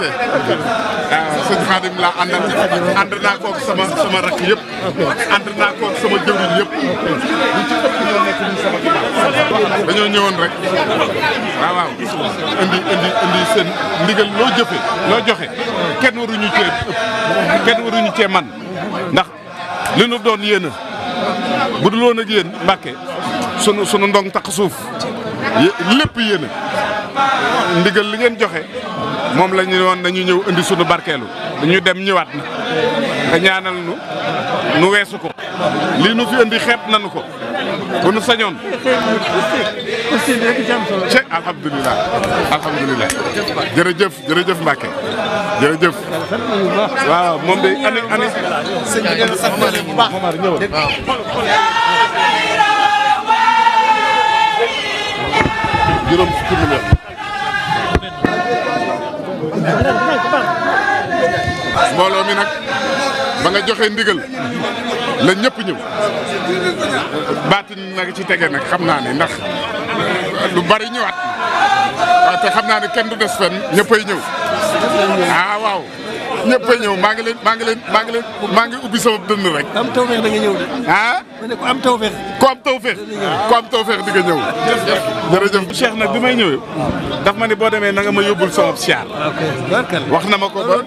fàtte ah, sëñ Xaadim laa àndal ànd sama sama rakk yëpp ànd sama jëwriñ yëpp ñu ci dañoo ñëwoon rek waaw waaw indi indi seen ndigal loo jëfe loo joxe kenn waruñu cee ëpp kenn waruñu cee man ndax li nu doon yéen a bu dul yéen Mbàkke sunu sunu ndong taq suuf lépp yéen ndigal li ngeen joxe moom la ñu woon nañu ñëw indi sunu barkeelu ñu dem ñëwaat na te ñaanal nu nu weesu ko lii nu fi indi xeeb nanu ko bu nu sañoon ci alhamdulilah alhamdulilah jërëjëf jërëjëf Mbacke jërëjëf waaw moom de ani ani sëñ bi sant na bu baax ñëw juróom fukki million mbooloo mi nag ba nga joxe ndigal la ñëpp ñëw baatin nag ci tege nag xam naa ne ndax lu bari ñëwaat waaw te xam naa ne kenn du des fenn ñëppay ñëw ah waaw ñëppay ñëw maa ngi leen maa ngi leen maa ngi leen maa ngi ubbi sama dënn rek. am tawfeex da nga ñëw de. ah ku am tawféex ku am tawféex di nga ñëw. jërëjëf jërëjëf Cheikh nag bi may ñëwee. daf ma ni boo demee na nga ma yóbbul sama siyaar. wax na ma ko ba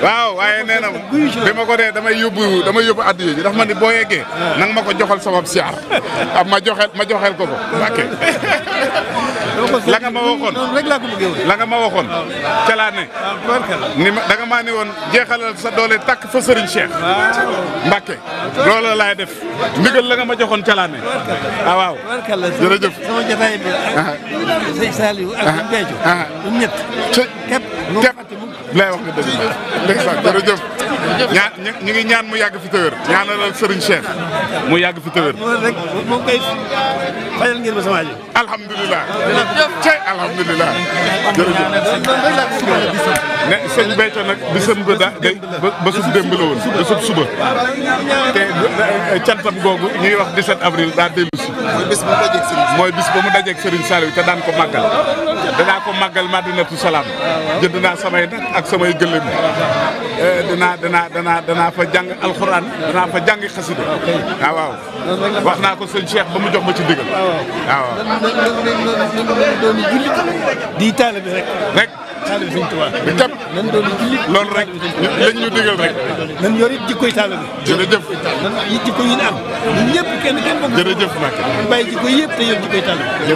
waaw waaye nee na ma bi ma ko dee damay yóbbu damay yóbbu addiya ji daf ma ni boo yeggee. Ah. na ma ko joxal sama siyaar am ah, ma joxel ma joxel ko ko ok. la nga ma waxoon la nga ma waxoon ah. ca ne ni ma da nga maa ne woon jeexalal sa doole takk fa Serigne Cheikh Mbacke loolu laay def ndigal la ma joxoon tubaarkalla ne. ah waaw. jërëjëf sama jotaay bi. Ah. sëñ Saliou ak ah. sëñ Béthio. Ah. ñun ñett. képp loo fàtte mu. lay wax nga dëgg la jërëjëf. ñaan ñu ngi ñaan mu yàgg fi tëwër ñaanalal Serigne Cheikh mu yàgg fi tëwër. rek moom kay fayal ngeen ma ne sëñ Béthio nag bisam ba da day ba sub démb la ba sub suba. te eh, cantam googu ñuy wax 17 avril daa dellu mooy bis ba mu dajeeg Serigne Saliou. mooy te daan ko màggal. danaa ko màggal Madinatu Salaam. jënd naa samay nag ak samay gëlëm. danaa danaa danaa danaa fa danaa fa jàng xasida. waaw wax naa ko sëñ Cheikh ba mu jox ma ci ndigal. waaw waaw. taalibe Sëriñ Tuubaa bi kat nan doon jullit loolu rek lañ ñu digal rek nan yor it jikkoy taalibe jërëjëf nan it jikko yi am ñun ñëpp kenn kenn bëgg jërëjëf nag bàyyi jikko yëpp te yor jikkoy taalibe